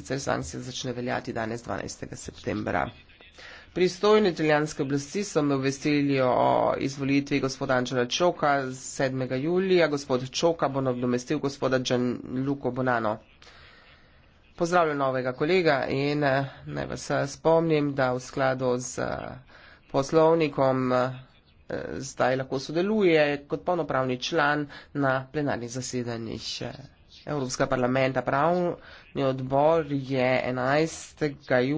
sicer sankcije začne veljati danes 12. septembra. Pristojni italijanske oblasti so me obvestili o izvolitvi gospoda Anđela Čoka 7. julija. Gospod Čoka bo nadomestil gospoda Gianluco Bonano. Pozdravljam novega kolega in eh, naj vas eh, spomnim, da v skladu z eh, poslovnikom zdaj lahko sodeluje kot polnopravni član na plenarnih zasedanjih. Evropskega parlamenta. Pravni odbor je 11.